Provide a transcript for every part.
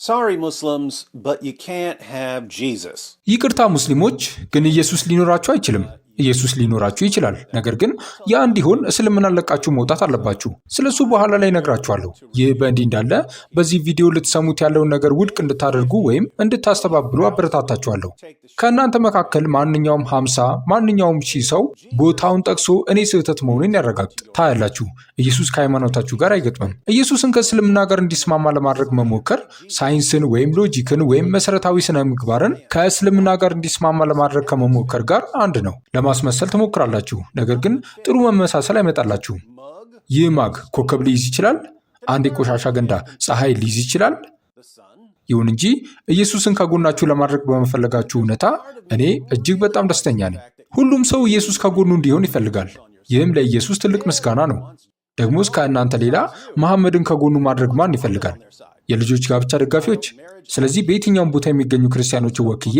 Sorry Muslims, but you can't have Jesus. ይቅርታ ሙስሊሞች፣ ግን ኢየሱስ ሊኖራችሁ አይችልም። ኢየሱስ ሊኖራችሁ ይችላል። ነገር ግን ያ እንዲሆን እስልምና ለቃችሁ መውጣት አለባችሁ። ስለሱ በኋላ ላይ ነግራችኋለሁ። ይህ በእንዲህ እንዳለ በዚህ ቪዲዮ ልትሰሙት ያለውን ነገር ውድቅ እንድታደርጉ ወይም እንድታስተባብሉ አበረታታችኋለሁ። ከእናንተ መካከል ማንኛውም ሀምሳ ማንኛውም ሺህ ሰው ቦታውን ጠቅሶ እኔ ስህተት መሆኑን ያረጋግጥ። ታያላችሁ፣ ኢየሱስ ከሃይማኖታችሁ ጋር አይገጥምም። ኢየሱስን ከእስልምና ጋር እንዲስማማ ለማድረግ መሞከር ሳይንስን ወይም ሎጂክን ወይም መሰረታዊ ስነ ምግባርን ከእስልምና ጋር እንዲስማማ ለማድረግ ከመሞከር ጋር አንድ ነው። ለማስመሰል ትሞክራላችሁ፣ ነገር ግን ጥሩ መመሳሰል አይመጣላችሁ። ይህ ማግ ኮከብ ሊይዝ ይችላል። አንድ የቆሻሻ ገንዳ ፀሐይ ሊይዝ ይችላል። ይሁን እንጂ ኢየሱስን ከጎናችሁ ለማድረግ በመፈለጋችሁ እውነታ እኔ እጅግ በጣም ደስተኛ ነኝ። ሁሉም ሰው ኢየሱስ ከጎኑ እንዲሆን ይፈልጋል። ይህም ለኢየሱስ ትልቅ ምስጋና ነው። ደግሞስ ከእናንተ ሌላ መሐመድን ከጎኑ ማድረግ ማን ይፈልጋል? የልጆች ጋብቻ ደጋፊዎች። ስለዚህ በየትኛውም ቦታ የሚገኙ ክርስቲያኖች ወክዬ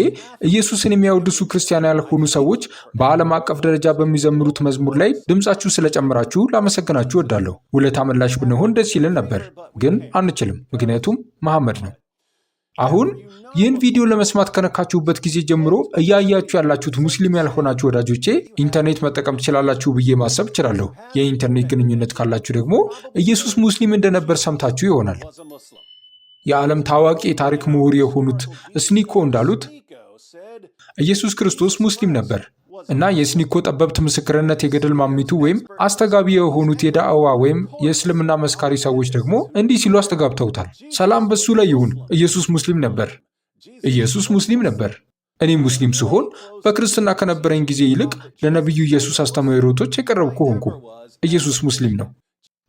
ኢየሱስን የሚያወድሱ ክርስቲያን ያልሆኑ ሰዎች በዓለም አቀፍ ደረጃ በሚዘምሩት መዝሙር ላይ ድምፃችሁ ስለጨመራችሁ ላመሰግናችሁ እወዳለሁ። ውለታ መላሽ ብንሆን ደስ ይልን ነበር፣ ግን አንችልም፣ ምክንያቱም መሐመድ ነው። አሁን ይህን ቪዲዮ ለመስማት ከነካችሁበት ጊዜ ጀምሮ እያያችሁ ያላችሁት ሙስሊም ያልሆናችሁ ወዳጆቼ ኢንተርኔት መጠቀም ትችላላችሁ ብዬ ማሰብ እችላለሁ። የኢንተርኔት ግንኙነት ካላችሁ ደግሞ ኢየሱስ ሙስሊም እንደነበር ሰምታችሁ ይሆናል። የዓለም ታዋቂ የታሪክ ምሁር የሆኑት ስኒኮ እንዳሉት ኢየሱስ ክርስቶስ ሙስሊም ነበር እና የስኒኮ ጠበብት ምስክርነት የገደል ማሚቱ ወይም አስተጋቢ የሆኑት የዳዕዋ ወይም የእስልምና መስካሪ ሰዎች ደግሞ እንዲህ ሲሉ አስተጋብተውታል። ሰላም በሱ ላይ ይሁን። ኢየሱስ ሙስሊም ነበር። ኢየሱስ ሙስሊም ነበር። እኔ ሙስሊም ስሆን በክርስትና ከነበረኝ ጊዜ ይልቅ ለነቢዩ ኢየሱስ አስተምህሮቶች የቀረብኩ ሆንኩ። ኢየሱስ ሙስሊም ነው።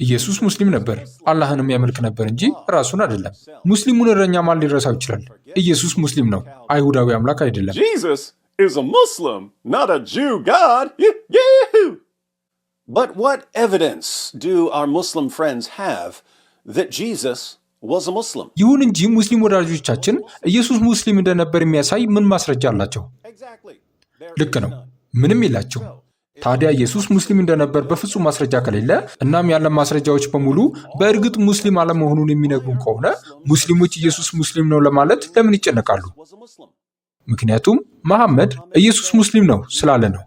ኢየሱስ ሙስሊም ነበር፣ አላህንም ያመልክ ነበር እንጂ ራሱን አይደለም። ሙስሊሙን እረኛ ማን ሊረሳው ይችላል? ኢየሱስ ሙስሊም ነው፣ አይሁዳዊ አምላክ አይደለም። ይሁን እንጂ ሙስሊም ወዳጆቻችን ኢየሱስ ሙስሊም እንደነበር የሚያሳይ ምን ማስረጃ አላቸው? ልክ ነው፣ ምንም የላቸው። ታዲያ ኢየሱስ ሙስሊም እንደነበር በፍጹም ማስረጃ ከሌለ እናም ያለን ማስረጃዎች በሙሉ በእርግጥ ሙስሊም አለመሆኑን የሚነግሩን ከሆነ ሙስሊሞች ኢየሱስ ሙስሊም ነው ለማለት ለምን ይጨነቃሉ? ምክንያቱም መሐመድ ኢየሱስ ሙስሊም ነው ስላለ ነው።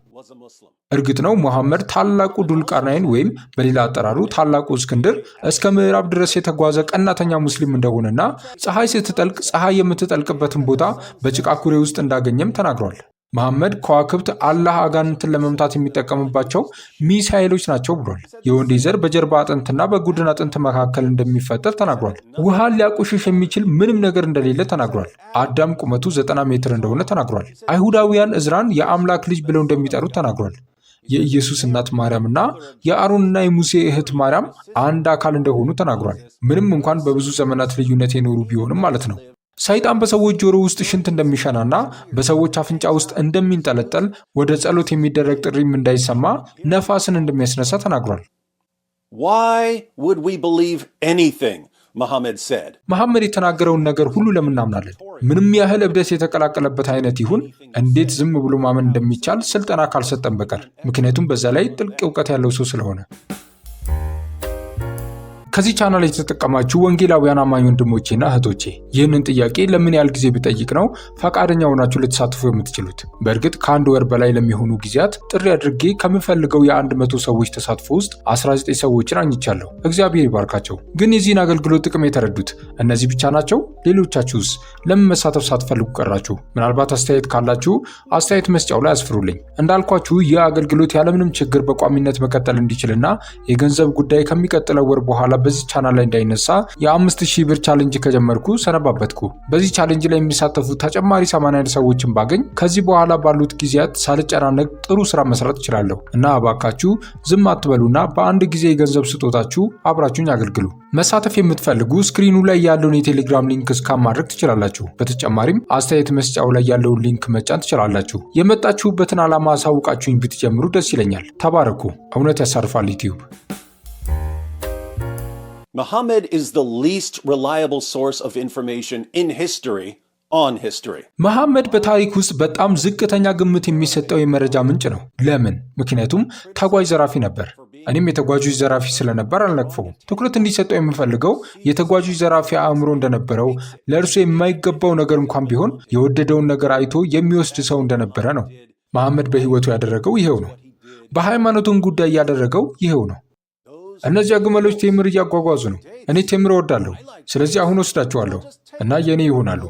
እርግጥ ነው መሐመድ ታላቁ ዱልቃርናይን ወይም በሌላ አጠራሩ ታላቁ እስክንድር እስከ ምዕራብ ድረስ የተጓዘ ቀናተኛ ሙስሊም እንደሆነና ፀሐይ ስትጠልቅ ፀሐይ የምትጠልቅበትን ቦታ በጭቃ ኩሬ ውስጥ እንዳገኘም ተናግሯል። መሐመድ ከዋክብት አላህ አጋንንትን ለመምታት የሚጠቀምባቸው ሚሳይሎች ናቸው ብሏል። የወንዴ ዘር በጀርባ አጥንትና በጉድን አጥንት መካከል እንደሚፈጠር ተናግሯል። ውሃን ሊያቆሽሽ የሚችል ምንም ነገር እንደሌለ ተናግሯል። አዳም ቁመቱ ዘጠና ሜትር እንደሆነ ተናግሯል። አይሁዳውያን እዝራን የአምላክ ልጅ ብለው እንደሚጠሩት ተናግሯል። የኢየሱስ እናት ማርያምና የአሮንና የሙሴ እህት ማርያም አንድ አካል እንደሆኑ ተናግሯል። ምንም እንኳን በብዙ ዘመናት ልዩነት የኖሩ ቢሆንም ማለት ነው። ሰይጣን በሰዎች ጆሮ ውስጥ ሽንት እንደሚሸናና በሰዎች አፍንጫ ውስጥ እንደሚንጠለጠል ወደ ጸሎት የሚደረግ ጥሪም እንዳይሰማ ነፋስን እንደሚያስነሳ ተናግሯል። መሐመድ የተናገረውን ነገር ሁሉ ለምን እናምናለን? ምንም ያህል እብደት የተቀላቀለበት አይነት ይሁን፣ እንዴት ዝም ብሎ ማመን እንደሚቻል ስልጠና ካልሰጠን በቀር ምክንያቱም በዛ ላይ ጥልቅ እውቀት ያለው ሰው ስለሆነ ከዚህ ቻናል የተጠቀማችሁ ወንጌላውያን አማኝ ወንድሞቼና እህቶቼ ይህንን ጥያቄ ለምን ያህል ጊዜ ቢጠይቅ ነው ፈቃደኛ ሆናችሁ ልትሳትፉ የምትችሉት? በእርግጥ ከአንድ ወር በላይ ለሚሆኑ ጊዜያት ጥሪ አድርጌ ከምፈልገው የአንድ መቶ ሰዎች ተሳትፎ ውስጥ 19 ሰዎችን አግኝቻለሁ። እግዚአብሔር ይባርካቸው። ግን የዚህን አገልግሎት ጥቅም የተረዱት እነዚህ ብቻ ናቸው? ሌሎቻችሁስ ለምን መሳተፍ ሳትፈልጉ ቀራችሁ? ምናልባት አስተያየት ካላችሁ አስተያየት መስጫው ላይ አስፍሩልኝ። እንዳልኳችሁ ይህ አገልግሎት ያለምንም ችግር በቋሚነት መቀጠል እንዲችልና የገንዘብ ጉዳይ ከሚቀጥለው ወር በኋላ በዚህ ቻናል ላይ እንዳይነሳ የአምስት ሺህ ብር ቻሌንጅ ከጀመርኩ ሰነባበትኩ። በዚህ ቻሌንጅ ላይ የሚሳተፉ ተጨማሪ 81 ሰዎችን ባገኝ ከዚህ በኋላ ባሉት ጊዜያት ሳልጨናነቅ ጥሩ ስራ መስራት እችላለሁ እና እባካችሁ ዝም አትበሉና በአንድ ጊዜ የገንዘብ ስጦታችሁ አብራችሁኝ አገልግሉ። መሳተፍ የምትፈልጉ ስክሪኑ ላይ ያለውን የቴሌግራም ሊንክ እስካን ማድረግ ትችላላችሁ። በተጨማሪም አስተያየት መስጫው ላይ ያለውን ሊንክ መጫን ትችላላችሁ። የመጣችሁበትን ዓላማ አሳውቃችሁኝ ብትጀምሩ ደስ ይለኛል። ተባረኩ። እውነት ያሳርፋል ዩቲዩብ Muhammad is the least reliable source of information in history መሐመድ በታሪክ ውስጥ በጣም ዝቅተኛ ግምት የሚሰጠው የመረጃ ምንጭ ነው። ለምን? ምክንያቱም ተጓዥ ዘራፊ ነበር። እኔም የተጓዦች ዘራፊ ስለነበር አልነቅፈውም። ትኩረት እንዲሰጠው የምፈልገው የተጓዦች ዘራፊ አእምሮ እንደነበረው ለእርሱ የማይገባው ነገር እንኳን ቢሆን የወደደውን ነገር አይቶ የሚወስድ ሰው እንደነበረ ነው። መሐመድ በሕይወቱ ያደረገው ይሄው ነው። በሃይማኖቱን ጉዳይ ያደረገው ይሄው ነው። እነዚያ ግመሎች ቴምር እያጓጓዙ ነው። እኔ ቴምር እወዳለሁ፣ ስለዚህ አሁን ወስዳቸዋለሁ እና የእኔ ይሆናሉ።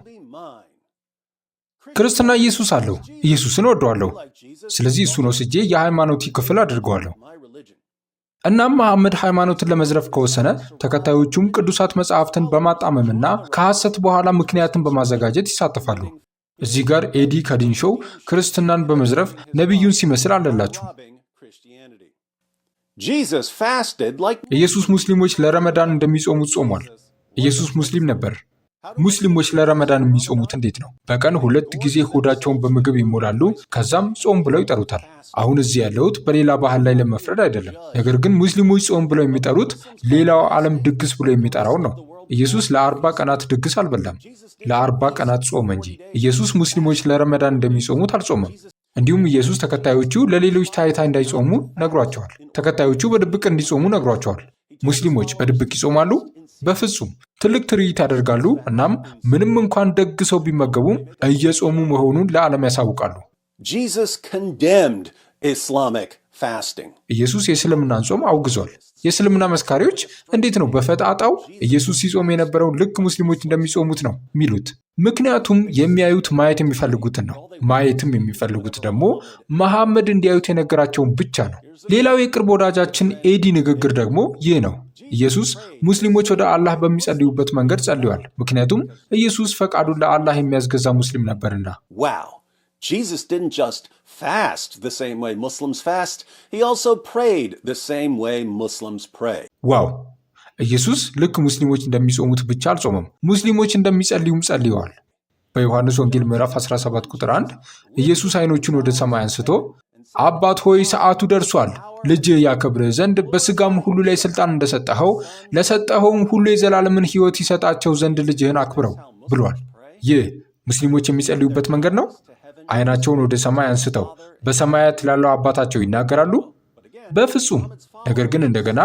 ክርስትና ኢየሱስ አለው። ኢየሱስን እወደዋለሁ፣ ስለዚህ እሱን ወስጄ የሃይማኖት ክፍል አድርገዋለሁ። እናም መሐመድ ሃይማኖትን ለመዝረፍ ከወሰነ ተከታዮቹም ቅዱሳት መጽሐፍትን በማጣመምና ከሐሰት በኋላ ምክንያትን በማዘጋጀት ይሳተፋሉ። እዚህ ጋር ኤዲ ከዲንሾው ክርስትናን በመዝረፍ ነቢዩን ሲመስል አለላችሁ። ኢየሱስ ሙስሊሞች ለረመዳን እንደሚጾሙት ጾሟል። ኢየሱስ ሙስሊም ነበር። ሙስሊሞች ለረመዳን የሚጾሙት እንዴት ነው? በቀን ሁለት ጊዜ ሆዳቸውን በምግብ ይሞላሉ፣ ከዛም ጾም ብለው ይጠሩታል። አሁን እዚህ ያለሁት በሌላ ባህል ላይ ለመፍረድ አይደለም። ነገር ግን ሙስሊሞች ጾም ብለው የሚጠሩት ሌላው ዓለም ድግስ ብሎ የሚጠራውን ነው። ኢየሱስ ለአርባ ቀናት ድግስ አልበላም፣ ለአርባ ቀናት ጾመ እንጂ። ኢየሱስ ሙስሊሞች ለረመዳን እንደሚጾሙት አልጾመም። እንዲሁም ኢየሱስ ተከታዮቹ ለሌሎች ታይታ እንዳይጾሙ ነግሯቸዋል። ተከታዮቹ በድብቅ እንዲጾሙ ነግሯቸዋል። ሙስሊሞች በድብቅ ይጾማሉ? በፍጹም ትልቅ ትርኢት ያደርጋሉ። እናም ምንም እንኳን ደግ ሰው ቢመገቡም እየጾሙ መሆኑን ለዓለም ያሳውቃሉ። ኢየሱስ የእስልምናን ጾም አውግዟል። የእስልምና መስካሪዎች እንዴት ነው በፈጣጣው ኢየሱስ ሲጾም የነበረውን ልክ ሙስሊሞች እንደሚጾሙት ነው የሚሉት? ምክንያቱም የሚያዩት ማየት የሚፈልጉትን ነው። ማየትም የሚፈልጉት ደግሞ መሐመድ እንዲያዩት የነገራቸውን ብቻ ነው። ሌላው የቅርብ ወዳጃችን ኤዲ ንግግር ደግሞ ይህ ነው። ኢየሱስ ሙስሊሞች ወደ አላህ በሚጸልዩበት መንገድ ጸልዋል። ምክንያቱም ኢየሱስ ፈቃዱን ለአላህ የሚያስገዛ ሙስሊም ነበርና። Jesus didn't just fast the same way Muslims fast, he also prayed the same way Muslims pray. ዋው ኢየሱስ ልክ ሙስሊሞች እንደሚጾሙት ብቻ አልጾመም፣ ሙስሊሞች እንደሚጸልዩም ጸልየዋል። በዮሐንስ ወንጌል ምዕራፍ 17 ቁጥር 1 ኢየሱስ ዓይኖቹን ወደ ሰማይ አንስቶ አባት ሆይ ሰዓቱ ደርሷል፣ ልጅ ያከብርህ ዘንድ በስጋም ሁሉ ላይ ስልጣን እንደሰጠኸው ለሰጠኸውም ሁሉ የዘላለምን ሕይወት ይሰጣቸው ዘንድ ልጅህን አክብረው ብሏል። ይህ ሙስሊሞች የሚጸልዩበት መንገድ ነው። ዓይናቸውን ወደ ሰማይ አንስተው በሰማያት ላለው አባታቸው ይናገራሉ? በፍጹም። ነገር ግን እንደገና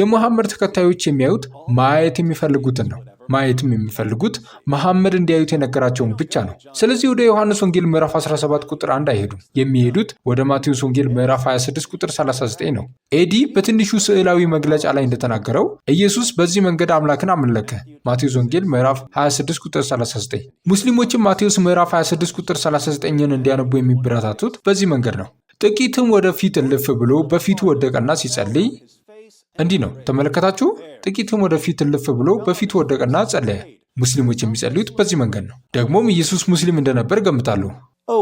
የሙሐመድ ተከታዮች የሚያዩት ማየት የሚፈልጉትን ነው። ማየትም የሚፈልጉት መሐመድ እንዲያዩት የነገራቸውን ብቻ ነው። ስለዚህ ወደ ዮሐንስ ወንጌል ምዕራፍ 17 ቁጥር 1 አይሄዱም። የሚሄዱት ወደ ማቴዎስ ወንጌል ምዕራፍ 26 ቁጥር 39 ነው። ኤዲ በትንሹ ስዕላዊ መግለጫ ላይ እንደተናገረው ኢየሱስ በዚህ መንገድ አምላክን አመለከ። ማቴዎስ ወንጌል ምዕራፍ 26 ቁጥር 39። ሙስሊሞችም ማቴዎስ ምዕራፍ 26 ቁጥር 39ን እንዲያነቡ የሚበረታቱት በዚህ መንገድ ነው። ጥቂትም ወደፊት እልፍ ብሎ በፊቱ ወደቀና ሲጸልይ እንዲህ ነው ተመለከታችሁ። ጥቂትም ወደፊት እልፍ ብሎ በፊቱ ወደቀና ጸለየ። ሙስሊሞች የሚጸልዩት በዚህ መንገድ ነው። ደግሞም ኢየሱስ ሙስሊም እንደነበር ገምታሉ። oh,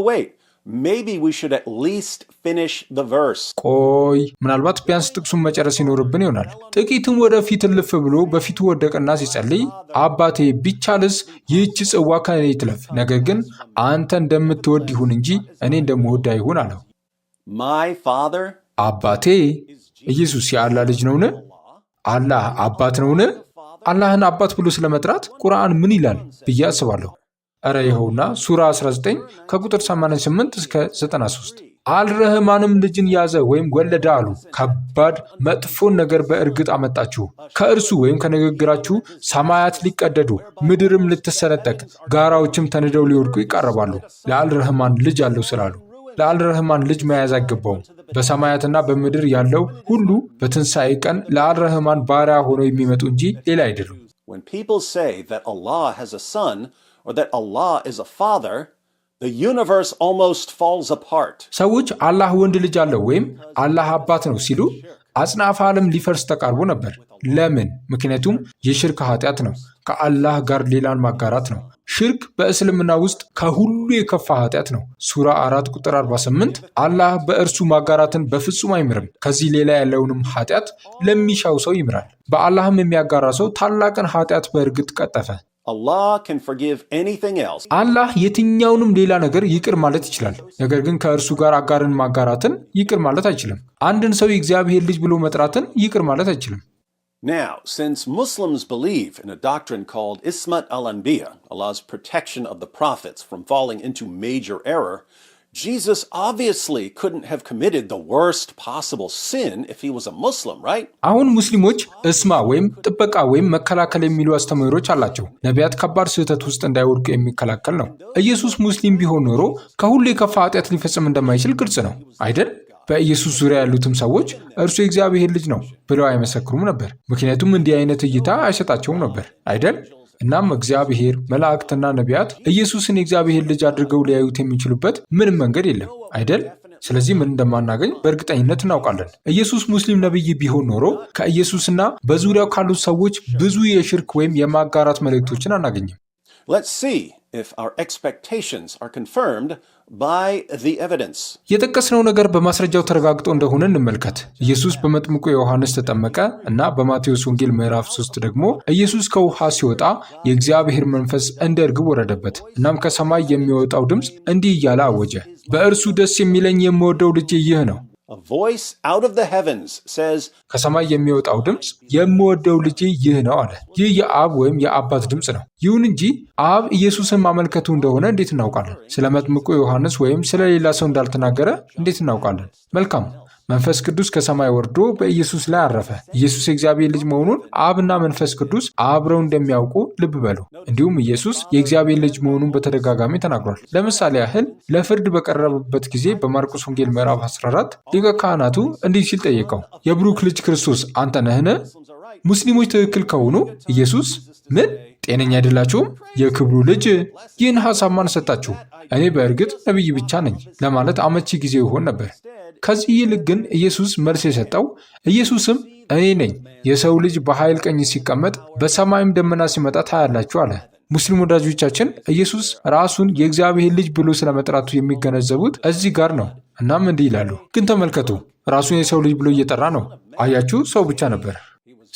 ቆይ ምናልባት ቢያንስ ጥቅሱን መጨረስ ይኖርብን ይሆናል። ጥቂትም ወደፊት እልፍ ብሎ በፊቱ ወደቀና ሲጸልይ አባቴ ቢቻልስ ይህች ጽዋ ከእኔ ትለፍ፣ ነገር ግን አንተ እንደምትወድ ይሁን እንጂ እኔ እንደምወድ አይሁን አለው። አባቴ ኢየሱስ የአላህ ልጅ ነውን? አላህ አባት ነውን? አላህን አባት ብሎ ስለመጥራት ቁርአን ምን ይላል ብዬ አስባለሁ። እረ ይኸውና ሱራ 19 ከቁጥር 88 እስከ 93 አልረህማንም ልጅን ያዘ ወይም ወለደ አሉ። ከባድ መጥፎን ነገር በእርግጥ አመጣችሁ። ከእርሱ ወይም ከንግግራችሁ ሰማያት ሊቀደዱ፣ ምድርም ልትሰነጠቅ፣ ጋራዎችም ተንደው ሊወድቁ ይቃረባሉ ለአልረህማን ልጅ አለው ስላሉ ለአልረህማን ልጅ መያዝ አይገባውም። በሰማያትና በምድር ያለው ሁሉ በትንሣኤ ቀን ለአልረህማን ባሪያ ሆነው የሚመጡ እንጂ ሌላ አይደሉም። ሰዎች አላህ ወንድ ልጅ አለው ወይም አላህ አባት ነው ሲሉ አጽናፈ ዓለም ሊፈርስ ተቃርቦ ነበር። ለምን? ምክንያቱም የሽርክ ኃጢአት ነው። ከአላህ ጋር ሌላን ማጋራት ነው። ሽርክ በእስልምና ውስጥ ከሁሉ የከፋ ኃጢአት ነው። ሱራ 4 ቁጥር 48 አላህ በእርሱ ማጋራትን በፍጹም አይምርም፣ ከዚህ ሌላ ያለውንም ኃጢአት ለሚሻው ሰው ይምራል። በአላህም የሚያጋራ ሰው ታላቅን ኃጢአት በእርግጥ ቀጠፈ። አላህ የትኛውንም ሌላ ነገር ይቅር ማለት ይችላል። ነገር ግን ከእርሱ ጋር አጋርን ማጋራትን ይቅር ማለት አይችልም። አንድን ሰው የእግዚአብሔር ልጅ ብሎ መጥራትን ይቅር ማለት አይችልም። Now, since Muslims believe in a doctrine called Ismat al Anbiya, Allah's protection of the prophets from falling into major error, Jesus obviously couldn't have committed the worst possible sin if he was a Muslim, right? አሁን ሙስሊሞች እስማ ወይም ጥበቃ ወይም መከላከል የሚሉ አስተምህሮች አላቸው። ነቢያት ከባድ ስህተት ውስጥ እንዳይወድቁ የሚከላከል ነው። ኢየሱስ ሙስሊም ቢሆን ኖሮ ከሁሉ የከፋ ኃጢአት ሊፈጽም እንደማይችል ግልጽ ነው አይደል? በኢየሱስ ዙሪያ ያሉትም ሰዎች እርሱ የእግዚአብሔር ልጅ ነው ብለው አይመሰክሩም ነበር። ምክንያቱም እንዲህ አይነት እይታ አይሰጣቸውም ነበር አይደል? እናም እግዚአብሔር መላእክትና ነቢያት ኢየሱስን የእግዚአብሔር ልጅ አድርገው ሊያዩት የሚችሉበት ምንም መንገድ የለም አይደል? ስለዚህ ምን እንደማናገኝ በእርግጠኝነት እናውቃለን። ኢየሱስ ሙስሊም ነቢይ ቢሆን ኖሮ ከኢየሱስና በዙሪያው ካሉት ሰዎች ብዙ የሽርክ ወይም የማጋራት መልእክቶችን አናገኝም። የጠቀስነው ነገር በማስረጃው ተረጋግጦ እንደሆነ እንመልከት። ኢየሱስ በመጥምቁ ዮሐንስ ተጠመቀ እና በማቴዎስ ወንጌል ምዕራፍ 3 ደግሞ ኢየሱስ ከውሃ ሲወጣ የእግዚአብሔር መንፈስ እንደ እርግብ ወረደበት። እናም ከሰማይ የሚወጣው ድምፅ እንዲህ እያለ አወጀ፣ በእርሱ ደስ የሚለኝ የምወደው ልጄ ይህ ነው፣ ከሰማይ የሚወጣው ድምፅ የምወደው ልጄ ይህ ነው አለ። ይህ የአብ ወይም የአባት ድምፅ ነው። ይሁን እንጂ አብ ኢየሱስን ማመልከቱ እንደሆነ እንዴት እናውቃለን? ስለ መጥምቁ ዮሐንስ ወይም ስለ ሌላ ሰው እንዳልተናገረ እንዴት እናውቃለን? መልካም መንፈስ ቅዱስ ከሰማይ ወርዶ በኢየሱስ ላይ አረፈ። ኢየሱስ የእግዚአብሔር ልጅ መሆኑን አብና መንፈስ ቅዱስ አብረው እንደሚያውቁ ልብ በሉ። እንዲሁም ኢየሱስ የእግዚአብሔር ልጅ መሆኑን በተደጋጋሚ ተናግሯል። ለምሳሌ ያህል ለፍርድ በቀረበበት ጊዜ በማርቆስ ወንጌል ምዕራፍ 14 ሊቀ ካህናቱ እንዲህ ሲል ጠየቀው፣ የብሩክ ልጅ ክርስቶስ አንተ ነህን? ሙስሊሞች ትክክል ከሆኑ ኢየሱስ ምን ጤነኛ አይደላችሁም? የክብሩ ልጅ ይህን ሐሳብ ማን ሰጣችሁ? እኔ በእርግጥ ነቢይ ብቻ ነኝ ለማለት አመቺ ጊዜ ይሆን ነበር። ከዚህ ይልቅ ግን ኢየሱስ መልስ የሰጠው ኢየሱስም እኔ ነኝ፣ የሰው ልጅ በኃይል ቀኝ ሲቀመጥ በሰማይም ደመና ሲመጣ ታያላችሁ አለ። ሙስሊም ወዳጆቻችን ኢየሱስ ራሱን የእግዚአብሔር ልጅ ብሎ ስለመጥራቱ የሚገነዘቡት እዚህ ጋር ነው። እናም እንዲህ ይላሉ። ግን ተመልከቱ፣ ራሱን የሰው ልጅ ብሎ እየጠራ ነው። አያችሁ፣ ሰው ብቻ ነበር።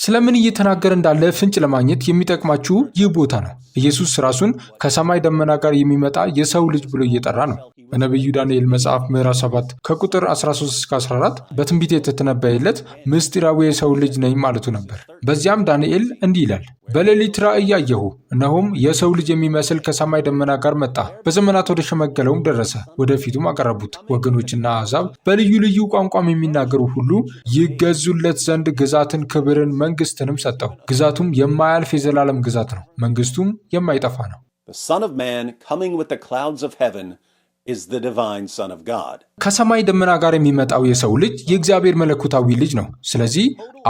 ስለምን እየተናገረ እንዳለ ፍንጭ ለማግኘት የሚጠቅማችሁ ይህ ቦታ ነው። ኢየሱስ ራሱን ከሰማይ ደመና ጋር የሚመጣ የሰው ልጅ ብሎ እየጠራ ነው። በነቢዩ ዳንኤል መጽሐፍ ምዕራፍ 7 ከቁጥር 13-14 በትንቢት የተተነበየለት ምስጢራዊ የሰው ልጅ ነኝ ማለቱ ነበር። በዚያም ዳንኤል እንዲህ ይላል፣ በሌሊት ራእይ አየሁ፣ እነሆም የሰው ልጅ የሚመስል ከሰማይ ደመና ጋር መጣ፣ በዘመናት ወደ ሸመገለውም ደረሰ፣ ወደፊቱም አቀረቡት። ወገኖችና አሕዛብ በልዩ ልዩ ቋንቋም የሚናገሩ ሁሉ ይገዙለት ዘንድ ግዛትን፣ ክብርን፣ መ መንግስትንም ሰጠው። ግዛቱም የማያልፍ የዘላለም ግዛት ነው፣ መንግስቱም የማይጠፋ ነው። ከሰማይ ደመና ጋር የሚመጣው የሰው ልጅ የእግዚአብሔር መለኮታዊ ልጅ ነው። ስለዚህ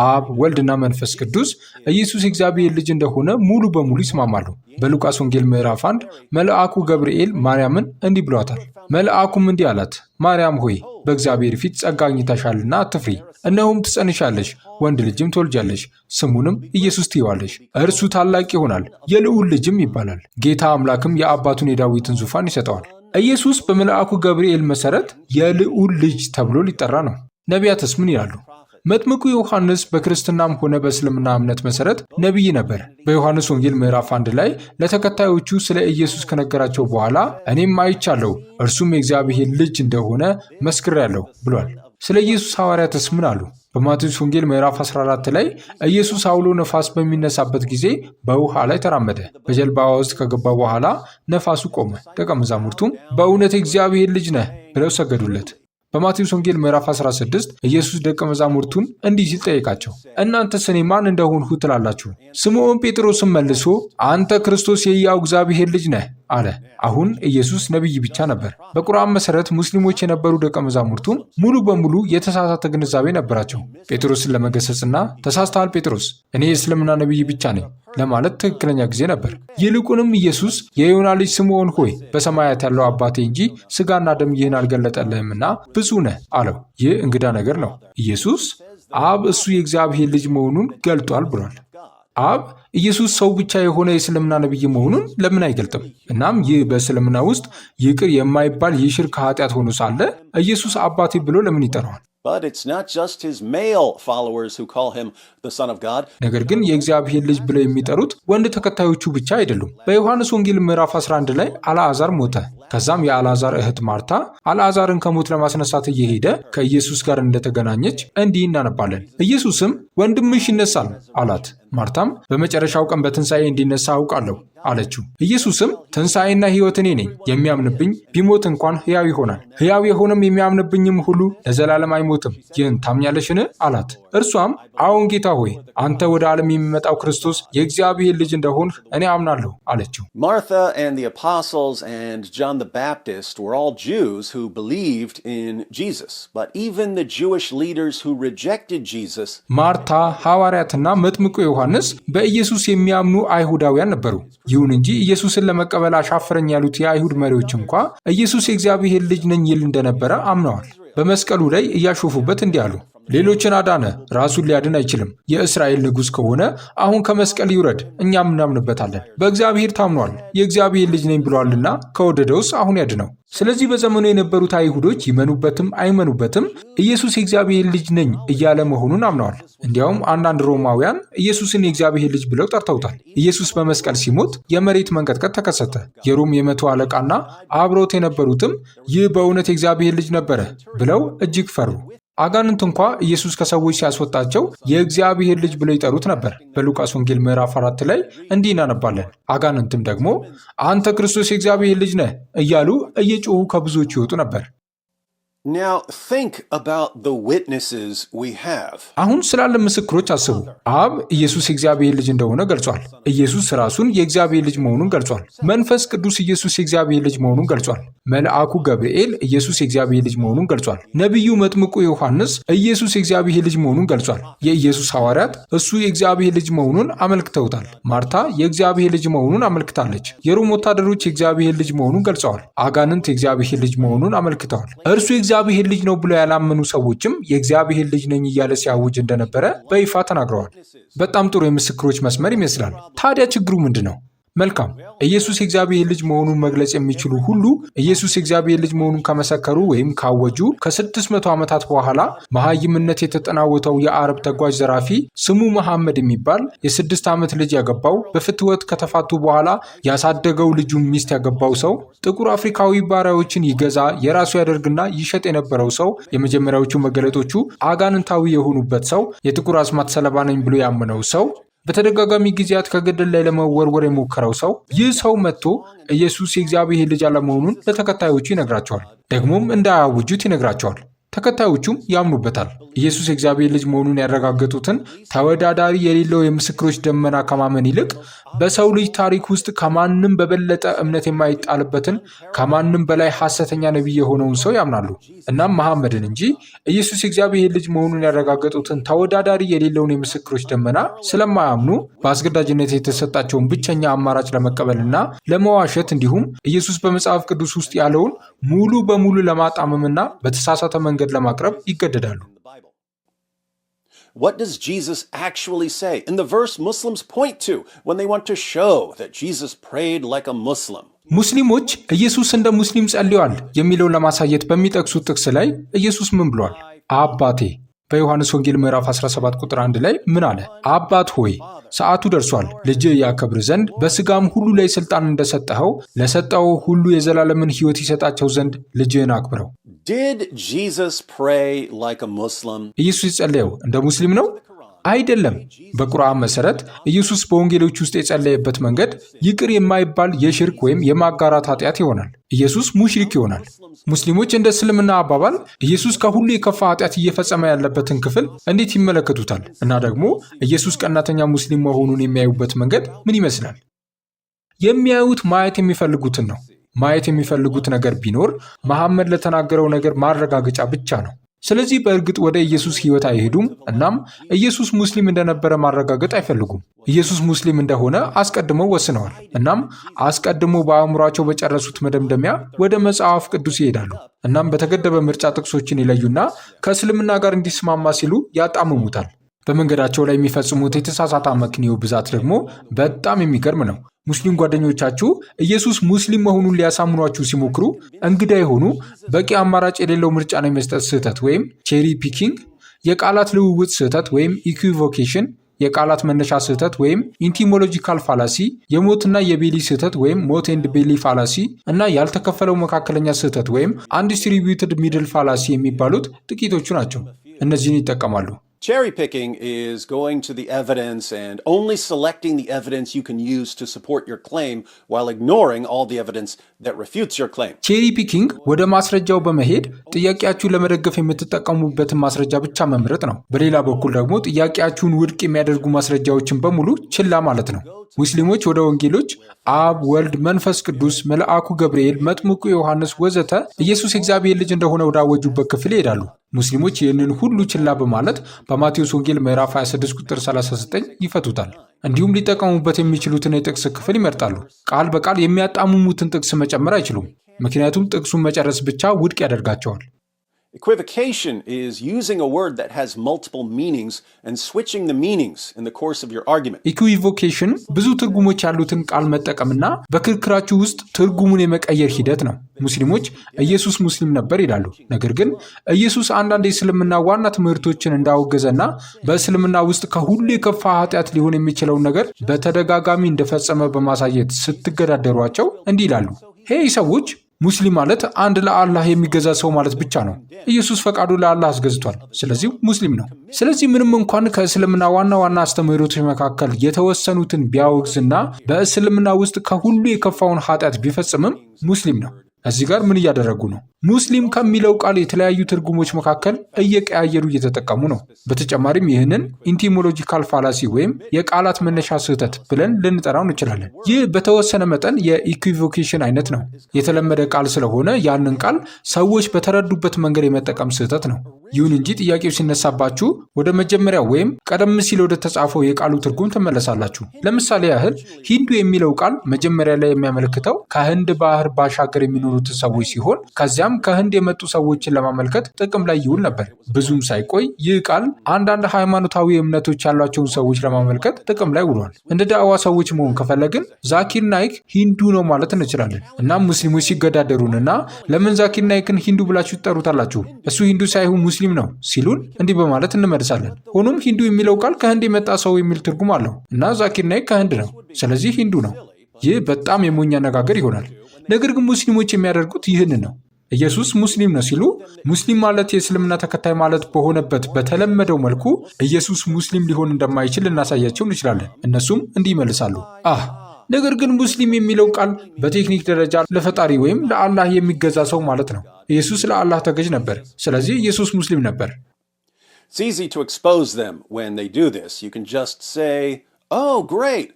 አብ ወልድና መንፈስ ቅዱስ ኢየሱስ የእግዚአብሔር ልጅ እንደሆነ ሙሉ በሙሉ ይስማማሉ። በሉቃስ ወንጌል ምዕራፍ አንድ መልአኩ ገብርኤል ማርያምን እንዲህ ብሏታል። መልአኩም እንዲህ አላት፣ ማርያም ሆይ በእግዚአብሔር ፊት ጸጋ አግኝተሻልና አትፍሪ። እነሆም ትጸንሻለሽ፣ ወንድ ልጅም ትወልጃለሽ፣ ስሙንም ኢየሱስ ትይዋለሽ። እርሱ ታላቅ ይሆናል፣ የልዑል ልጅም ይባላል። ጌታ አምላክም የአባቱን የዳዊትን ዙፋን ይሰጠዋል። ኢየሱስ በመልአኩ ገብርኤል መሰረት የልዑል ልጅ ተብሎ ሊጠራ ነው። ነቢያትስ ምን ይላሉ? መጥምቁ ዮሐንስ በክርስትናም ሆነ በእስልምና እምነት መሰረት ነቢይ ነበር። በዮሐንስ ወንጌል ምዕራፍ አንድ ላይ ለተከታዮቹ ስለ ኢየሱስ ከነገራቸው በኋላ እኔም አይቻለሁ እርሱም የእግዚአብሔር ልጅ እንደሆነ መስክሬያለሁ ብሏል። ስለ ኢየሱስ ሐዋርያትስ ምን አሉ? በማቴዎስ ወንጌል ምዕራፍ 14 ላይ ኢየሱስ አውሎ ነፋስ በሚነሳበት ጊዜ በውሃ ላይ ተራመደ። በጀልባዋ ውስጥ ከገባ በኋላ ነፋሱ ቆመ። ደቀ መዛሙርቱም በእውነት እግዚአብሔር ልጅ ነህ ብለው ሰገዱለት። በማቴዎስ ወንጌል ምዕራፍ 16 ኢየሱስ ደቀ መዛሙርቱን እንዲህ ሲል ጠየቃቸው፣ እናንተስ እኔ ማን እንደሆንሁ ትላላችሁ? ስምዖን ጴጥሮስም መልሶ አንተ ክርስቶስ የሕያው እግዚአብሔር ልጅ ነህ አለ። አሁን ኢየሱስ ነቢይ ብቻ ነበር። በቁርአን መሰረት ሙስሊሞች የነበሩ ደቀ መዛሙርቱም ሙሉ በሙሉ የተሳሳተ ግንዛቤ ነበራቸው። ጴጥሮስን ለመገሰጽና ተሳስተሃል ጴጥሮስ፣ እኔ የእስልምና ነቢይ ብቻ ነኝ ለማለት ትክክለኛ ጊዜ ነበር። ይልቁንም ኢየሱስ የዮና ልጅ ስምዖን ሆይ በሰማያት ያለው አባቴ እንጂ ስጋና ደም ይህን አልገለጠልህምና ብፁዕ ነህ አለው። ይህ እንግዳ ነገር ነው። ኢየሱስ አብ እሱ የእግዚአብሔር ልጅ መሆኑን ገልጧል ብሏል። አብ ኢየሱስ ሰው ብቻ የሆነ የእስልምና ነቢይ መሆኑን ለምን አይገልጥም? እናም ይህ በእስልምና ውስጥ ይቅር የማይባል የሽርክ ኃጢአት ሆኖ ሳለ ኢየሱስ አባቴ ብሎ ለምን ይጠራዋል? ነገር ግን የእግዚአብሔር ልጅ ብለው የሚጠሩት ወንድ ተከታዮቹ ብቻ አይደሉም። በዮሐንስ ወንጌል ምዕራፍ 11 ላይ አልዓዛር ሞተ። ከዛም የአልዓዛር እህት ማርታ አልዓዛርን ከሞት ለማስነሳት እየሄደ ከኢየሱስ ጋር እንደተገናኘች እንዲህ እናነባለን። ኢየሱስም ወንድምሽ ይነሳል አላት። ማርታም በመጨረሻው ቀን በትንሣኤ እንዲነሳ አውቃለሁ አለችው። ኢየሱስም ትንሣኤና ሕይወት እኔ ነኝ፣ የሚያምንብኝ ቢሞት እንኳን ሕያው ይሆናል፣ ሕያው የሆነም የሚያምንብኝም ሁሉ ለዘላለም አይሞትም። ይህን ታምኛለሽን? አላት። እርሷም አዎን ጌታ ሆይ አንተ ወደ ዓለም የሚመጣው ክርስቶስ የእግዚአብሔር ልጅ እንደሆንህ እኔ አምናለሁ አለችው። ማርታ፣ ሐዋርያትና መጥምቁ ዮሐንስ በኢየሱስ የሚያምኑ አይሁዳውያን ነበሩ። ይሁን እንጂ ኢየሱስን ለመቀበል አሻፈረኝ ያሉት የአይሁድ መሪዎች እንኳ ኢየሱስ የእግዚአብሔር ልጅ ነኝ ይል እንደነበረ አምነዋል። በመስቀሉ ላይ እያሾፉበት እንዲህ አሉ፣ ሌሎችን አዳነ፣ ራሱን ሊያድን አይችልም። የእስራኤል ንጉሥ ከሆነ አሁን ከመስቀል ይውረድ፣ እኛም እናምንበታለን። በእግዚአብሔር ታምኗል፣ የእግዚአብሔር ልጅ ነኝ ብሏልና ከወደደውስ አሁን ያድነው። ስለዚህ በዘመኑ የነበሩት አይሁዶች ይመኑበትም አይመኑበትም ኢየሱስ የእግዚአብሔር ልጅ ነኝ እያለ መሆኑን አምነዋል። እንዲያውም አንዳንድ ሮማውያን ኢየሱስን የእግዚአብሔር ልጅ ብለው ጠርተውታል። ኢየሱስ በመስቀል ሲሞት የመሬት መንቀጥቀጥ ተከሰተ። የሮም የመቶ አለቃና አብረውት የነበሩትም ይህ በእውነት የእግዚአብሔር ልጅ ነበረ ብለው እጅግ ፈሩ። አጋንንት እንኳ ኢየሱስ ከሰዎች ሲያስወጣቸው የእግዚአብሔር ልጅ ብለው ይጠሩት ነበር። በሉቃስ ወንጌል ምዕራፍ አራት ላይ እንዲህ እናነባለን። አጋንንትም ደግሞ አንተ ክርስቶስ የእግዚአብሔር ልጅ ነህ እያሉ እየጮሁ ከብዙዎች ይወጡ ነበር። አሁን ስላለ ምስክሮች አስቡ። አብ ኢየሱስ የእግዚአብሔር ልጅ እንደሆነ ገልጿል። ኢየሱስ ራሱን የእግዚአብሔር ልጅ መሆኑን ገልጿል። መንፈስ ቅዱስ ኢየሱስ የእግዚአብሔር ልጅ መሆኑን ገልጿል። መልአኩ ገብርኤል ኢየሱስ የእግዚአብሔር ልጅ መሆኑን ገልጿል። ነቢዩ መጥምቁ ዮሐንስ ኢየሱስ የእግዚአብሔር ልጅ መሆኑን ገልጿል። የኢየሱስ ሐዋርያት እሱ የእግዚአብሔር ልጅ መሆኑን አመልክተውታል። ማርታ የእግዚአብሔር ልጅ መሆኑን አመልክታለች። የሮም ወታደሮች የእግዚአብሔር ልጅ መሆኑን ገልጸዋል። አጋንንት የእግዚአብሔር ልጅ መሆኑን አመልክተዋል። እርሱ የእግዚአብሔር ልጅ ነው ብለው ያላመኑ ሰዎችም የእግዚአብሔር ልጅ ነኝ እያለ ሲያውጅ እንደነበረ በይፋ ተናግረዋል። በጣም ጥሩ የምስክሮች መስመር ይመስላል። ታዲያ ችግሩ ምንድን ነው? መልካም ኢየሱስ የእግዚአብሔር ልጅ መሆኑን መግለጽ የሚችሉ ሁሉ ኢየሱስ የእግዚአብሔር ልጅ መሆኑን ከመሰከሩ ወይም ካወጁ ከ600 ዓመታት በኋላ መሐይምነት የተጠናወተው የአረብ ተጓዥ ዘራፊ ስሙ መሐመድ የሚባል የስድስት ዓመት ልጅ ያገባው በፍትወት ከተፋቱ በኋላ ያሳደገው ልጁን ሚስት ያገባው ሰው ጥቁር አፍሪካዊ ባሪያዎችን ይገዛ የራሱ ያደርግና ይሸጥ የነበረው ሰው የመጀመሪያዎቹ መገለጦቹ አጋንንታዊ የሆኑበት ሰው የጥቁር አስማት ሰለባ ነኝ ብሎ ያመነው ሰው በተደጋጋሚ ጊዜያት ከገደል ላይ ለመወርወር የሞከረው ሰው ይህ ሰው መጥቶ ኢየሱስ የእግዚአብሔር ልጅ አለመሆኑን ለተከታዮቹ ይነግራቸዋል። ደግሞም እንዳያውጁት ይነግራቸዋል። ተከታዮቹም ያምኑበታል። ኢየሱስ የእግዚአብሔር ልጅ መሆኑን ያረጋገጡትን ተወዳዳሪ የሌለው የምስክሮች ደመና ከማመን ይልቅ በሰው ልጅ ታሪክ ውስጥ ከማንም በበለጠ እምነት የማይጣልበትን ከማንም በላይ ሐሰተኛ ነቢይ የሆነውን ሰው ያምናሉ። እናም መሐመድን እንጂ ኢየሱስ የእግዚአብሔር ልጅ መሆኑን ያረጋገጡትን ተወዳዳሪ የሌለውን የምስክሮች ደመና ስለማያምኑ በአስገዳጅነት የተሰጣቸውን ብቸኛ አማራጭ ለመቀበልና ለመዋሸት እንዲሁም ኢየሱስ በመጽሐፍ ቅዱስ ውስጥ ያለውን ሙሉ በሙሉ ለማጣመምና በተሳሳተ መንገድ ለማቅረብ ይገደዳሉ። What does Jesus actually say in the verse Muslims point to when they want to show that Jesus prayed like a Muslim? ሙስሊሞች ኢየሱስ እንደ ሙስሊም ጸልዮአል የሚለውን ለማሳየት በሚጠቅሱት ጥቅስ ላይ ኢየሱስ ምን ብሏል? አባቴ በዮሐንስ ወንጌል ምዕራፍ 17 ቁጥር 1 ላይ ምን አለ? አባት ሆይ ሰዓቱ ደርሷል፣ ልጅ ያከብር ዘንድ በስጋም ሁሉ ላይ ስልጣን እንደሰጠኸው ለሰጠው ሁሉ የዘላለምን ሕይወት ይሰጣቸው ዘንድ ልጅህን አክብረው። ኢየሱስ የጸለየው እንደ ሙስሊም ነው? አይደለም። በቁርአን መሰረት ኢየሱስ በወንጌሎች ውስጥ የጸለየበት መንገድ ይቅር የማይባል የሽርክ ወይም የማጋራት ኃጢአት ይሆናል። ኢየሱስ ሙሽሪክ ይሆናል። ሙስሊሞች እንደ እስልምና አባባል ኢየሱስ ከሁሉ የከፋ ኃጢአት እየፈጸመ ያለበትን ክፍል እንዴት ይመለከቱታል? እና ደግሞ ኢየሱስ ቀናተኛ ሙስሊም መሆኑን የሚያዩበት መንገድ ምን ይመስላል? የሚያዩት ማየት የሚፈልጉትን ነው። ማየት የሚፈልጉት ነገር ቢኖር መሐመድ ለተናገረው ነገር ማረጋገጫ ብቻ ነው። ስለዚህ በእርግጥ ወደ ኢየሱስ ሕይወት አይሄዱም። እናም ኢየሱስ ሙስሊም እንደነበረ ማረጋገጥ አይፈልጉም። ኢየሱስ ሙስሊም እንደሆነ አስቀድመው ወስነዋል። እናም አስቀድሞ በአእምሯቸው በጨረሱት መደምደሚያ ወደ መጽሐፍ ቅዱስ ይሄዳሉ። እናም በተገደበ ምርጫ ጥቅሶችን ይለዩና ከእስልምና ጋር እንዲስማማ ሲሉ ያጣምሙታል። በመንገዳቸው ላይ የሚፈጽሙት የተሳሳተ አመክንዮ ብዛት ደግሞ በጣም የሚገርም ነው። ሙስሊም ጓደኞቻችሁ ኢየሱስ ሙስሊም መሆኑን ሊያሳምኗችሁ ሲሞክሩ እንግዳ የሆኑ በቂ አማራጭ የሌለው ነው የመስጠት ስህተት ወይም ቼሪ ፒኪንግ፣ የቃላት ልውውጥ ስህተት ወይም ኢኩቮኬሽን፣ የቃላት መነሻ ስህተት ወይም ኢንቲሞሎጂካል ፋላሲ፣ የሞትና የቤሊ ስህተት ወይም ሞት ኤንድ ቤሊ ፋላሲ እና ያልተከፈለው መካከለኛ ስህተት ወይም አንዲስትሪቢዩትድ ሚድል ፋላሲ የሚባሉት ጥቂቶቹ ናቸው። እነዚህን ይጠቀማሉ። Cherry picking is going to the evidence and only selecting the evidence you can use to support your claim while ignoring all the evidence that refutes your claim. ቼሪ ፒኪንግ ወደ ማስረጃው በመሄድ ጥያቄያችሁን ለመደገፍ የምትጠቀሙበትን ማስረጃ ብቻ መምረጥ ነው። በሌላ በኩል ደግሞ ጥያቄያችሁን ውድቅ የሚያደርጉ ማስረጃዎችን በሙሉ ችላ ማለት ነው። ሙስሊሞች ወደ ወንጌሎች አብ፣ ወልድ፣ መንፈስ ቅዱስ፣ መልአኩ ገብርኤል፣ መጥምቁ ዮሐንስ ወዘተ ኢየሱስ የእግዚአብሔር ልጅ እንደሆነ ወዳወጁበት ክፍል ይሄዳሉ። ሙስሊሞች ይህንን ሁሉ ችላ በማለት በማቴዎስ ወንጌል ምዕራፍ 26 ቁጥር 39 ይፈቱታል። እንዲሁም ሊጠቀሙበት የሚችሉትን የጥቅስ ክፍል ይመርጣሉ። ቃል በቃል የሚያጣምሙትን ጥቅስ መጨመር አይችሉም፣ ምክንያቱም ጥቅሱን መጨረስ ብቻ ውድቅ ያደርጋቸዋል። Equivocation is using a word that has multiple meanings and switching the meanings in the course of your argument. Equivocation ብዙ ትርጉሞች ያሉትን ቃል መጠቀምና በክርክራችሁ ውስጥ ትርጉሙን የመቀየር ሂደት ነው። ሙስሊሞች ኢየሱስ ሙስሊም ነበር ይላሉ። ነገር ግን ኢየሱስ አንዳንድ የእስልምና ዋና ትምህርቶችን እንዳወገዘና በእስልምና ውስጥ ከሁሉ የከፋ ኃጢአት ሊሆን የሚችለውን ነገር በተደጋጋሚ እንደፈጸመ በማሳየት ስትገዳደሯቸው እንዲህ ይላሉ። ሄይ ሰዎች ሙስሊም ማለት አንድ ለአላህ የሚገዛ ሰው ማለት ብቻ ነው። ኢየሱስ ፈቃዱ ለአላህ አስገዝቷል፣ ስለዚህ ሙስሊም ነው። ስለዚህ ምንም እንኳን ከእስልምና ዋና ዋና አስተምህሮቶች መካከል የተወሰኑትን ቢያወግዝና በእስልምና ውስጥ ከሁሉ የከፋውን ኃጢአት ቢፈጽምም ሙስሊም ነው። እዚህ ጋር ምን እያደረጉ ነው? ሙስሊም ከሚለው ቃል የተለያዩ ትርጉሞች መካከል እየቀያየሩ እየተጠቀሙ ነው። በተጨማሪም ይህንን ኢንቲሞሎጂካል ፋላሲ ወይም የቃላት መነሻ ስህተት ብለን ልንጠራው እንችላለን። ይህ በተወሰነ መጠን የኢኩቮኬሽን አይነት ነው። የተለመደ ቃል ስለሆነ ያንን ቃል ሰዎች በተረዱበት መንገድ የመጠቀም ስህተት ነው። ይሁን እንጂ ጥያቄው ሲነሳባችሁ ወደ መጀመሪያው ወይም ቀደም ሲል ወደ ተጻፈው የቃሉ ትርጉም ትመለሳላችሁ። ለምሳሌ ያህል ሂንዱ የሚለው ቃል መጀመሪያ ላይ የሚያመለክተው ከህንድ ባህር ባሻገር የሚኖ የሚኖሩትን ሰዎች ሲሆን ከዚያም ከህንድ የመጡ ሰዎችን ለማመልከት ጥቅም ላይ ይውል ነበር። ብዙም ሳይቆይ ይህ ቃል አንዳንድ ሃይማኖታዊ እምነቶች ያሏቸውን ሰዎች ለማመልከት ጥቅም ላይ ውሏል። እንደ ዳዕዋ ሰዎች መሆን ከፈለግን ዛኪር ናይክ ሂንዱ ነው ማለት እንችላለን። እናም ሙስሊሞች ሲገዳደሩን እና ለምን ዛኪር ናይክን ሂንዱ ብላችሁ ትጠሩታላችሁ? እሱ ሂንዱ ሳይሆን ሙስሊም ነው ሲሉን እንዲህ በማለት እንመልሳለን። ሆኖም ሂንዱ የሚለው ቃል ከህንድ የመጣ ሰው የሚል ትርጉም አለው እና ዛኪር ናይክ ከህንድ ነው፣ ስለዚህ ሂንዱ ነው። ይህ በጣም የሞኝ አነጋገር ይሆናል። ነገር ግን ሙስሊሞች የሚያደርጉት ይህን ነው። ኢየሱስ ሙስሊም ነው ሲሉ ሙስሊም ማለት የእስልምና ተከታይ ማለት በሆነበት በተለመደው መልኩ ኢየሱስ ሙስሊም ሊሆን እንደማይችል ልናሳያቸው እንችላለን። እነሱም እንዲህ ይመልሳሉ፣ አህ ነገር ግን ሙስሊም የሚለው ቃል በቴክኒክ ደረጃ ለፈጣሪ ወይም ለአላህ የሚገዛ ሰው ማለት ነው። ኢየሱስ ለአላህ ተገዥ ነበር። ስለዚህ ኢየሱስ ሙስሊም ነበር። It's easy to expose them when they do this. You can just say, oh, great.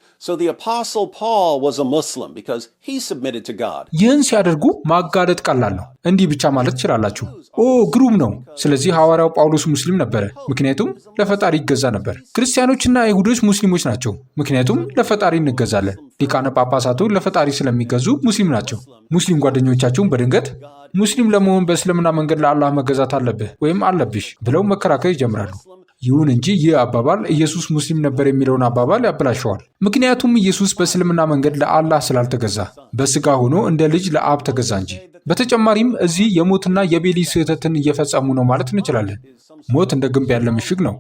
ይህን ሲያደርጉ ማጋለጥ ቀላል ነው። እንዲህ ብቻ ማለት ትችላላችሁ፣ ኦ ግሩም ነው። ስለዚህ ሐዋርያው ጳውሎስ ሙስሊም ነበረ፣ ምክንያቱም ለፈጣሪ ይገዛ ነበር። ክርስቲያኖችና አይሁዶች ሙስሊሞች ናቸው፣ ምክንያቱም ለፈጣሪ እንገዛለን። ሊቃነ ጳጳሳቱ ለፈጣሪ ስለሚገዙ ሙስሊም ናቸው። ሙስሊም ጓደኞቻቸውን በድንገት ሙስሊም ለመሆን በእስልምና መንገድ ለአላህ መገዛት አለብህ ወይም አለብሽ ብለው መከራከር ይጀምራሉ። ይሁን እንጂ ይህ አባባል ኢየሱስ ሙስሊም ነበር የሚለውን አባባል ያበላሸዋል። ምክንያቱም ኢየሱስ በእስልምና መንገድ ለአላህ ስላልተገዛ በስጋ ሆኖ እንደ ልጅ ለአብ ተገዛ እንጂ። በተጨማሪም እዚህ የሞትና የቤሊ ስህተትን እየፈጸሙ ነው ማለት እንችላለን። ሞት እንደ ግንብ ያለ ምሽግ ነው።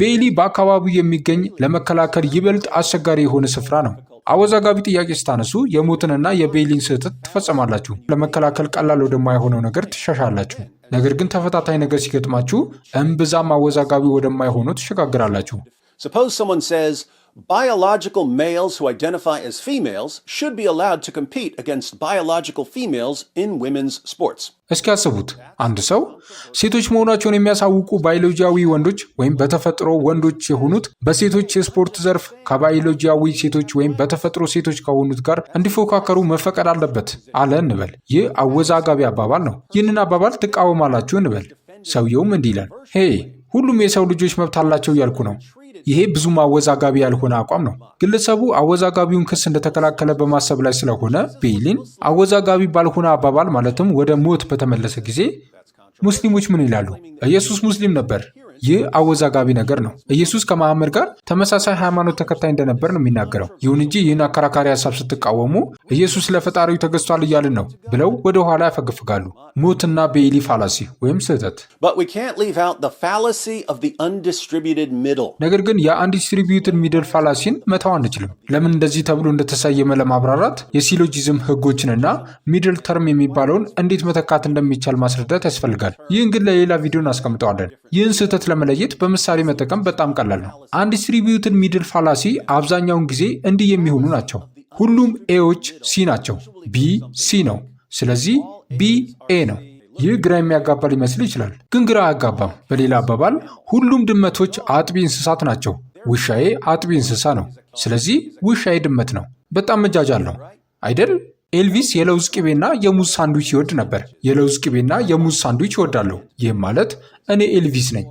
ቤሊ በአካባቢው የሚገኝ ለመከላከል ይበልጥ አስቸጋሪ የሆነ ስፍራ ነው። አወዛጋቢ ጥያቄ ስታነሱ የሞትንና የቤይሊን ስህተት ትፈጸማላችሁ። ለመከላከል ቀላል ወደማይሆነው ነገር ትሻሻላችሁ። ነገር ግን ተፈታታይ ነገር ሲገጥማችሁ እምብዛም አወዛጋቢ ወደማይሆነው ትሸጋግራላችሁ። biological males who identify as females should be allowed to compete against biological females in women's sports. እስኪ ያስቡት አንድ ሰው ሴቶች መሆናቸውን የሚያሳውቁ ባዮሎጂያዊ ወንዶች ወይም በተፈጥሮ ወንዶች የሆኑት በሴቶች የስፖርት ዘርፍ ከባዮሎጂያዊ ሴቶች ወይም በተፈጥሮ ሴቶች ከሆኑት ጋር እንዲፎካከሩ መፈቀድ አለበት አለ እንበል። ይህ አወዛጋቢ አባባል ነው። ይህንን አባባል ትቃወማላችሁ እንበል። ሰውየውም እንዲህ ይላል፣ ሄ ሁሉም የሰው ልጆች መብት አላቸው እያልኩ ነው። ይሄ ብዙ አወዛጋቢ ያልሆነ አቋም ነው። ግለሰቡ አወዛጋቢውን ክስ እንደተከላከለ በማሰብ ላይ ስለሆነ ቤይሊን አወዛጋቢ ባልሆነ አባባል ማለትም ወደ ሞት በተመለሰ ጊዜ ሙስሊሞች ምን ይላሉ? ኢየሱስ ሙስሊም ነበር ይህ አወዛጋቢ ነገር ነው። ኢየሱስ ከመሐመድ ጋር ተመሳሳይ ሃይማኖት ተከታይ እንደነበር ነው የሚናገረው። ይሁን እንጂ ይህን አከራካሪ ሀሳብ ስትቃወሙ ኢየሱስ ለፈጣሪው ተገዝቷል እያልን ነው ብለው ወደ ኋላ ያፈግፍጋሉ። ሞትና ቤይሊ ፋላሲ ወይም ስህተት። ነገር ግን የአንዲስትሪቢዩትድ ሚድል ፋላሲን መተው አንችልም። ለምን እንደዚህ ተብሎ እንደተሰየመ ለማብራራት የሲሎጂዝም ህጎችንና ሚድል ተርም የሚባለውን እንዴት መተካት እንደሚቻል ማስረዳት ያስፈልጋል። ይህን ግን ለሌላ ቪዲዮ እናስቀምጠዋለን። ይህን ስህተት ለመለየት በምሳሌ መጠቀም በጣም ቀላል ነው። አንዲስትሪቢዩትድ ሚድል ፋላሲ አብዛኛውን ጊዜ እንዲህ የሚሆኑ ናቸው። ሁሉም ኤዎች ሲ ናቸው። ቢ ሲ ነው። ስለዚህ ቢ ኤ ነው። ይህ ግራ የሚያጋባ ሊመስል ይችላል፣ ግን ግራ አያጋባም። በሌላ አባባል ሁሉም ድመቶች አጥቢ እንስሳት ናቸው። ውሻዬ አጥቢ እንስሳ ነው። ስለዚህ ውሻዬ ድመት ነው። በጣም መጃጅ አለው አይደል? ኤልቪስ የለውዝ ቅቤና የሙዝ ሳንዱች ይወድ ነበር። የለውዝ ቅቤና የሙዝ ሳንዱች ይወዳለሁ። ይህም ማለት እኔ ኤልቪስ ነኝ።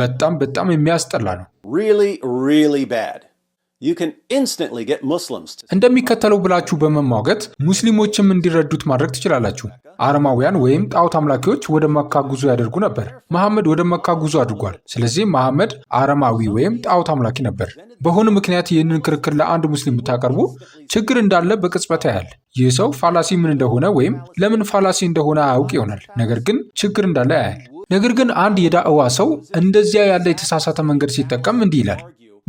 በጣም በጣም የሚያስጠላ ነው። እንደሚከተለው ብላችሁ በመሟገት ሙስሊሞችም እንዲረዱት ማድረግ ትችላላችሁ። አረማውያን ወይም ጣዖት አምላኪዎች ወደ መካ ጉዞ ያደርጉ ነበር። መሐመድ ወደ መካ ጉዞ አድርጓል። ስለዚህ መሐመድ አረማዊ ወይም ጣዖት አምላኪ ነበር። በሆነ ምክንያት ይህንን ክርክር ለአንድ ሙስሊም ብታቀርቡ ችግር እንዳለ በቅጽበት ያያል። ይህ ሰው ፋላሲ ምን እንደሆነ ወይም ለምን ፋላሲ እንደሆነ አያውቅ ይሆናል፣ ነገር ግን ችግር እንዳለ ያያል። ነገር ግን አንድ የዳዕዋ ሰው እንደዚያ ያለ የተሳሳተ መንገድ ሲጠቀም እንዲህ ይላል፣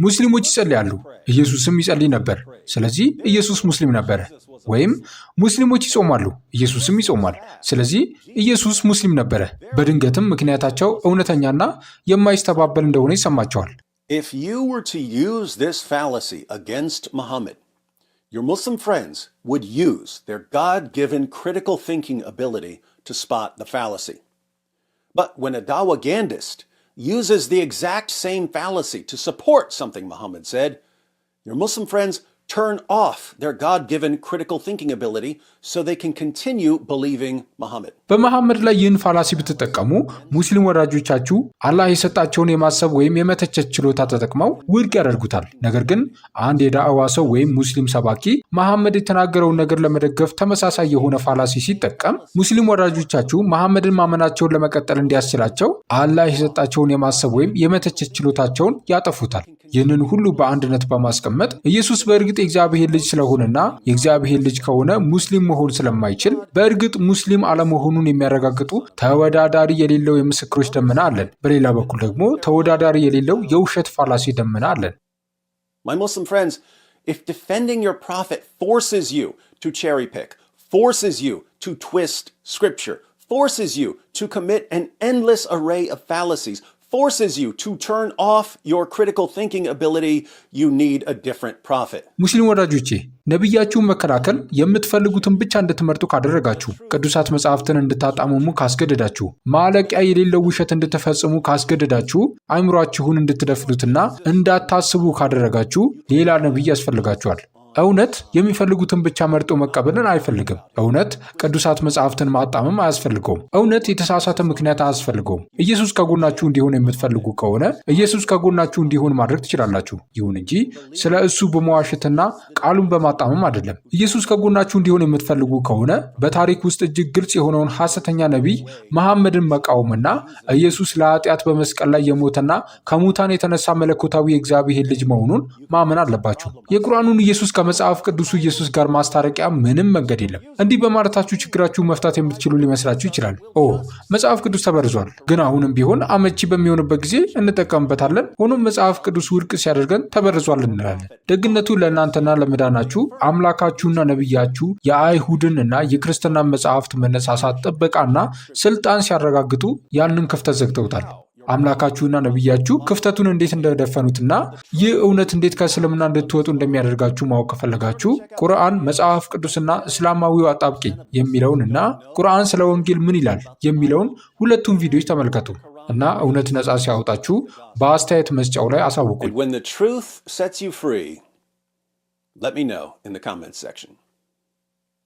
ሙስሊሞች ይጸልያሉ፣ ኢየሱስም ይጸልይ ነበር፣ ስለዚህ ኢየሱስ ሙስሊም ነበረ። ወይም ሙስሊሞች ይጾማሉ፣ ኢየሱስም ይጾማል፣ ስለዚህ ኢየሱስ ሙስሊም ነበረ። በድንገትም ምክንያታቸው እውነተኛና የማይስተባበል እንደሆነ ይሰማቸዋል። Your Muslim friends would use their God-given critical thinking ability to spot the fallacy. But when a Dawagandist uses the exact same fallacy to support something Muhammad said, your Muslim friends turn off their God-given critical thinking ability so they can continue believing Muhammad. በመሐመድ ላይ ይህን ፋላሲ ብትጠቀሙ ሙስሊም ወዳጆቻችሁ አላህ የሰጣቸውን የማሰብ ወይም የመተቸት ችሎታ ተጠቅመው ውድቅ ያደርጉታል። ነገር ግን አንድ የዳዕዋ ሰው ወይም ሙስሊም ሰባኪ መሐመድ የተናገረውን ነገር ለመደገፍ ተመሳሳይ የሆነ ፋላሲ ሲጠቀም ሙስሊም ወዳጆቻችሁ መሐመድን ማመናቸውን ለመቀጠል እንዲያስችላቸው አላህ የሰጣቸውን የማሰብ ወይም የመተቸት ችሎታቸውን ያጠፉታል። ይህንን ሁሉ በአንድነት በማስቀመጥ ኢየሱስ በእርግጥ የእግዚአብሔር ልጅ ስለሆነና የእግዚአብሔር ልጅ ከሆነ ሙስሊም መሆን ስለማይችል በእርግጥ ሙስሊም አለመሆኑን የሚያረጋግጡ ተወዳዳሪ የሌለው የምስክሮች ደመና አለን። በሌላ በኩል ደግሞ ተወዳዳሪ የሌለው የውሸት ፋላሲ ደመና አለን። My Muslim friends, if defending your prophet forces you to cherry pick, forces you to twist scripture, forces you to commit an endless array of fallacies, forces you to turn off your critical thinking ability, you need a different prophet. ሙስሊም ወዳጆቼ ነቢያችሁን መከላከል የምትፈልጉትን ብቻ እንድትመርጡ ካደረጋችሁ፣ ቅዱሳት መጽሐፍትን እንድታጣመሙ ካስገደዳችሁ፣ ማለቂያ የሌለው ውሸት እንድትፈጽሙ ካስገደዳችሁ፣ አይምሯችሁን እንድትደፍሉትና እንዳታስቡ ካደረጋችሁ ሌላ ነቢይ ያስፈልጋችኋል። እውነት የሚፈልጉትን ብቻ መርጦ መቀበልን አይፈልግም። እውነት ቅዱሳት መጽሐፍትን ማጣመም አያስፈልገውም። እውነት የተሳሳተ ምክንያት አያስፈልገውም። ኢየሱስ ከጎናችሁ እንዲሆን የምትፈልጉ ከሆነ ኢየሱስ ከጎናችሁ እንዲሆን ማድረግ ትችላላችሁ። ይሁን እንጂ ስለ እሱ በመዋሸትና ቃሉን በማጣመም አይደለም። ኢየሱስ ከጎናችሁ እንዲሆን የምትፈልጉ ከሆነ በታሪክ ውስጥ እጅግ ግልጽ የሆነውን ሐሰተኛ ነቢይ መሐመድን መቃወምና ኢየሱስ ለኃጢአት በመስቀል ላይ የሞተና ከሙታን የተነሳ መለኮታዊ የእግዚአብሔር ልጅ መሆኑን ማመን አለባችሁ። የቁርአኑን ኢየሱስ ከመጽሐፍ ቅዱሱ ኢየሱስ ጋር ማስታረቂያ ምንም መንገድ የለም። እንዲህ በማለታችሁ ችግራችሁ መፍታት የምትችሉ ሊመስላችሁ ይችላል። ኦ መጽሐፍ ቅዱስ ተበርዟል፣ ግን አሁንም ቢሆን አመቺ በሚሆንበት ጊዜ እንጠቀምበታለን። ሆኖም መጽሐፍ ቅዱስ ውድቅ ሲያደርገን ተበርዟል እንላለን። ደግነቱ ለእናንተና ለመዳናችሁ አምላካችሁና ነቢያችሁ የአይሁድን እና የክርስትና መጽሐፍት መነሳሳት ጥበቃና ስልጣን ሲያረጋግጡ ያንን ክፍተት ዘግተውታል። አምላካችሁና ነቢያችሁ ክፍተቱን እንዴት እንደደፈኑትና ይህ እውነት እንዴት ከእስልምና እንድትወጡ እንደሚያደርጋችሁ ማወቅ ከፈለጋችሁ ቁርአን፣ መጽሐፍ ቅዱስና እስላማዊው አጣብቂኝ የሚለውን እና ቁርአን ስለ ወንጌል ምን ይላል የሚለውን ሁለቱም ቪዲዮዎች ተመልከቱ እና እውነት ነፃ ሲያወጣችሁ በአስተያየት መስጫው ላይ አሳውቁኝ።